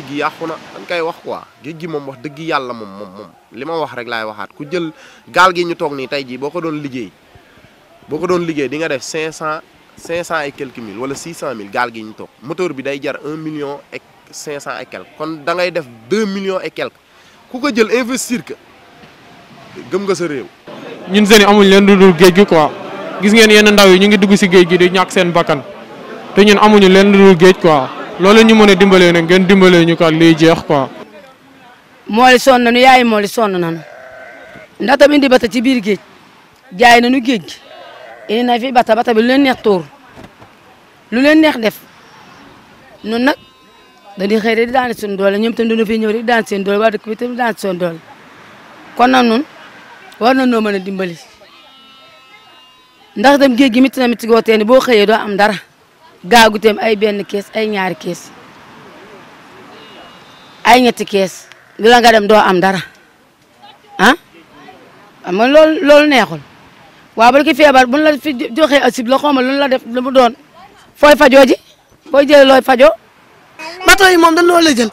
géej gi yàqu na dañ koy wax quoi géej gi moom wax dëgg yàlla moom moom moom li ma wax rek laay waxaat ku jël gaal gi ñu toog nii tey jii boo ko doon liggéey boo ko doon liggéey di nga def cinq cent cinq quelques mille wala 600 mille gaal gi ñu toog moteur bi day jar 1 million e 500 et quelques kon da ngay def 2 millions et quelques ku ko jël investir que gëm nga sa réew. ñun seen amuñ leen lu dul géej gi quoi gis ngeen yenn ndaw yi ñu ngi dugg si géej gi di ñàkk seen bakkan te ñun amuñu leen lu dul géej quoi. loolu ñu mën a dimbalee nag ngeen dimbalee ñu kat liy jeex quoi. mooli sonn nañu yaay mooli sonn nañu ndax tamit indi bata ci biir géej jaay nañu géej gi indi fi bata bata bi lu leen neex tóor lu leen neex def noonu na dañuy xëy di daan seen dool ñoom tamit dañoo fi ñëw di daan seen doole waa dëkk bi tamit daan seen doole kon nag ñun war nañoo mën a dimbali ndax dem géej gi mit na mit goo tee ni boo xëyee doo am dara. gaagu teem ay benn kees ay ñaari kees ay ñetti kees la nga dem doo am dara ah xam nga lool loolu neexul waaw ba ki feebar bu la fi joxee asib la xawma lu la def lu mu doon fooy fajoo ji booy jëlee looy fajoo. bato yi moom dañoo la jël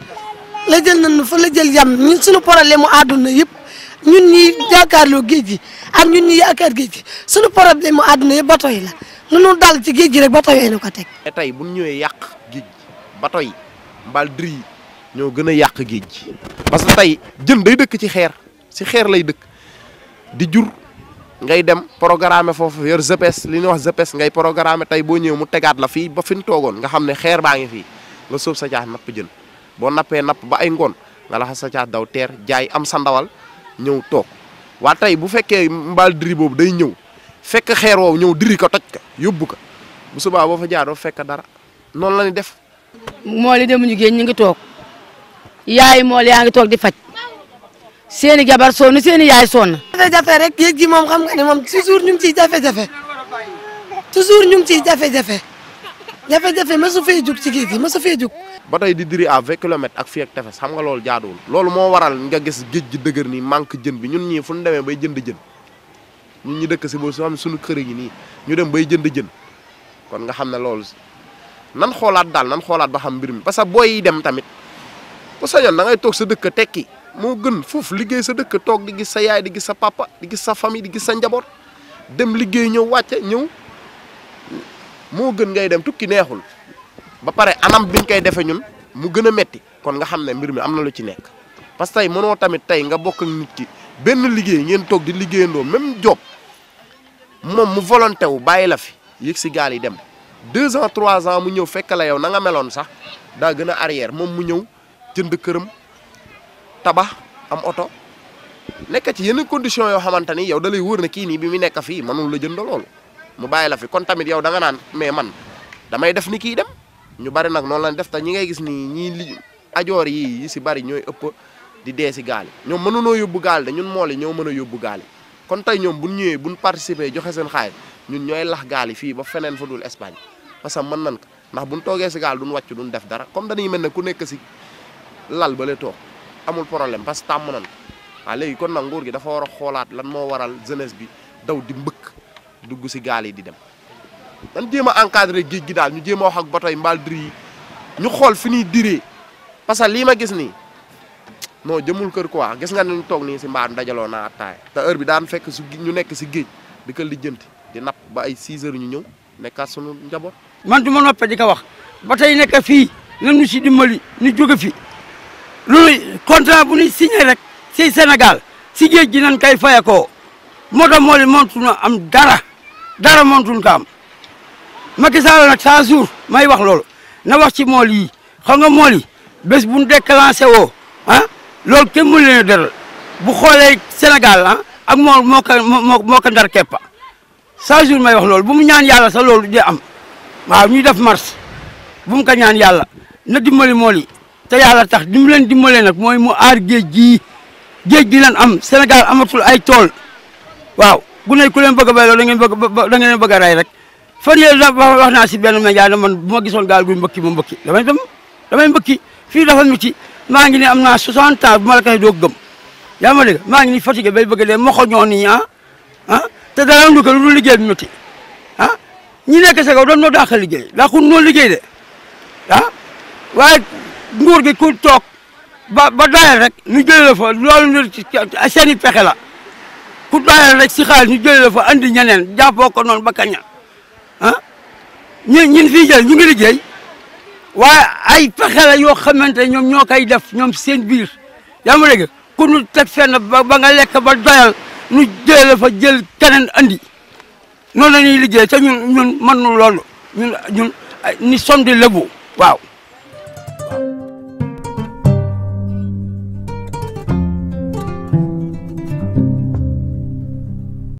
la jël nañu fa la jël yam ñun suñu problème mu àdduna yëpp ñun ñi yaakaarloo géej gi ak ñun ñi yaakaar géej gi suñu mu àdduna yëpp bato yi la. lu nu dal ci géej gi rek ba yooyu la ko teg. tey bu ñu ñëwee yàq géej gi bato yi mbaal dri ñoo gën a yàq géej gi parce que tey jën day dëkk ci xeer si xeer lay dëkk di jur ngay dem programme foofu yor GPS li nu wax GPS ngay programme tey boo ñëwee mu tegaat la fii ba fi ñu toogoon nga xam ne xeer baa ngi fii nga sóob sa caas napp jën boo nappee napp ba ay ngoon nga laxas sa caas daw teer jaay am sa ndawal ñëw toog waa tey bu fekkee mbaal dri boobu day ñëw. fekk xeer woowu ñëw diri ko toj ko yóbbu ko bu subaa boo fa jaaroo fekk dara noonu la ñu def. mool yi demuñu géej ñu ngi toog yaay mool yaa ngi toog di faj seeni jabar sonn seeni yaay sonn. jafe-jafe rek géej gi moom xam nga ne moom toujours ñu ngi ciy jafe-jafe toujours ñu ngi ciy jafe-jafe jafe-jafe mësu fee jug ci géej gi mësu fee jug. ba tey di diri à vingt kilomètres ak fii ak tefes xam nga loolu jaaduwul. loolu moo waral nga gis géej gi dëgër nii manque jën bi ñun ñii fu ñu bay jënd jën ñun ñu dëkk si ini xam suñu kër yi nii ñu dem bay jënd jën kon nga xam ne nan xoolaat daal nan xoolaat ba xam mbir mi parce que booy dem tamit bu sañoon da ngay toog sa dëkk tekki moo gën foofu liggéey sa dëkk toog di gis sa yaay di gis sa papa di gis sa famille di gis sa njaboot dem liggéey ñëw wàcce ñëw moo gën ngay dem tukki neexul ba pare anam biñ koy defee ñun mu gën a metti kon nga xam ne mbir mi am lu ci nekk parce que tey mënoo tamit tey nga bokk nit ki benn liggéey ngeen toog di liggéeyandoo même job moom mu volonté wu bàyyi la fi yëg si gaal yi dem deux ans trois ans mu ñëw fekk la yow nanga meloon sax daa gën a arrière moom mu ñëw jënd këram tabax am oto nekk ci yenn condition yoo xamante ni yow da lay wóor ne kii nii bi mu nekk fii mënul la jënd loolu mu bàyyi la fi kon tamit yow da nga naan mais man damay def ni kii dem ñu bari nag noonu lañ def te ñi ngay gis nii ñii li ajoor yi yi si bari ñooy ëpp di dee si gaal yi ñoom mënunoo yóbbu gaal de ñun mool yi ñoo mën a yóbbu gaal kon tey ñoom bu buñ ñëwee buñ participer joxe seen xaalis ñun ñooy lax gaal yi fii ba feneen fa dul Espagne parce que mën nan ko ndax buñ toogee si gaal duñ wàcc duñ def dara comme dañuy mel ku nekk si lal ba le toog amul problème parce que tàmm nan ko léegi kon nag gi dafa war a xoolaat lan moo waral jeunesse bi daw di mbëkk dugg si gaal yi di dem dan jéem a encadré géej gi daal ñu jéem a wax ak bateau yi mbaal diri yi ñu xool fi ñuy diree parce que lii ma gis nii non jëmul kër quoi gis nga ñu tok ni ci mbaar dajaloo na attaay ta heure bi daan fekk su ñu nekk ci geej di ko lijjanti di nap ba ay 6 heures ñu ñëw nekkaat sunu njabot man duma noppé di ko wax ba tay nekk fi nan ñu ci dimbali ñu jóge fi lu contrat bu ñu signé rek ci Sénégal ci geej gi nan kay fayakoo moo tax moo li montunu am dara dara montunu ko am Macky Sall nak saa jour may wax lool na wax ci mool yi xam nga mool bes bés bu ñu déclenché woo ah. loolu kenn mënu leen dëral bu xoolee senegal a ah, ak moo moo ko moo moo ko ndar keppa chaque jour may wax lool bu mu ñaan yàlla sa loolu di am waaw ñuy def marche bu mu ko ñaan yàlla na dimbali mool yi te yàlla tax di mu leen dimbalee nag mooy mu ar géej gii géej gi leen am senegal amatul ay tool waaw bu ne ku leen bëgg a béy loolu da ngeen bëgg da ngeen bëgg rey rek fan yéen da wax naa si benn média ne man bu ma gisoon gaal guy mbëkki ma mbëkki damay dem damay mbëkki fii dafa métti maa ngi ne am naa 60 ans bu ma la koy doog gëm yaa ma dégg maa ngi ni fatigué bay bëgg dee moxo ñoo nii ah ah te dara ko lu liggéey bi métti ah ñi nekk sa doon noo dàq liggéey dàqul noo liggéey de ah. waaye nguur gi ku toog ba ba doyal rek nu jëlee la fa loolu seen i pexe la ku doyal rek si xaalis ñu jëlee la fa andi ñeneen jàppoo ko noonu ba kañ ah ñun ñun fii jël ñu ngi liggéey waa ay pexe la yoo xamante ñoom ñoo koy def ñoom seen biir yaa ma dégg ku nu teg fenn ba ba nga lekk ba doyal nu jëlee fa jël keneen andi noonu la liggéey te ñun ñun mën nu loolu ñun ñun ni somdi lëbu waaw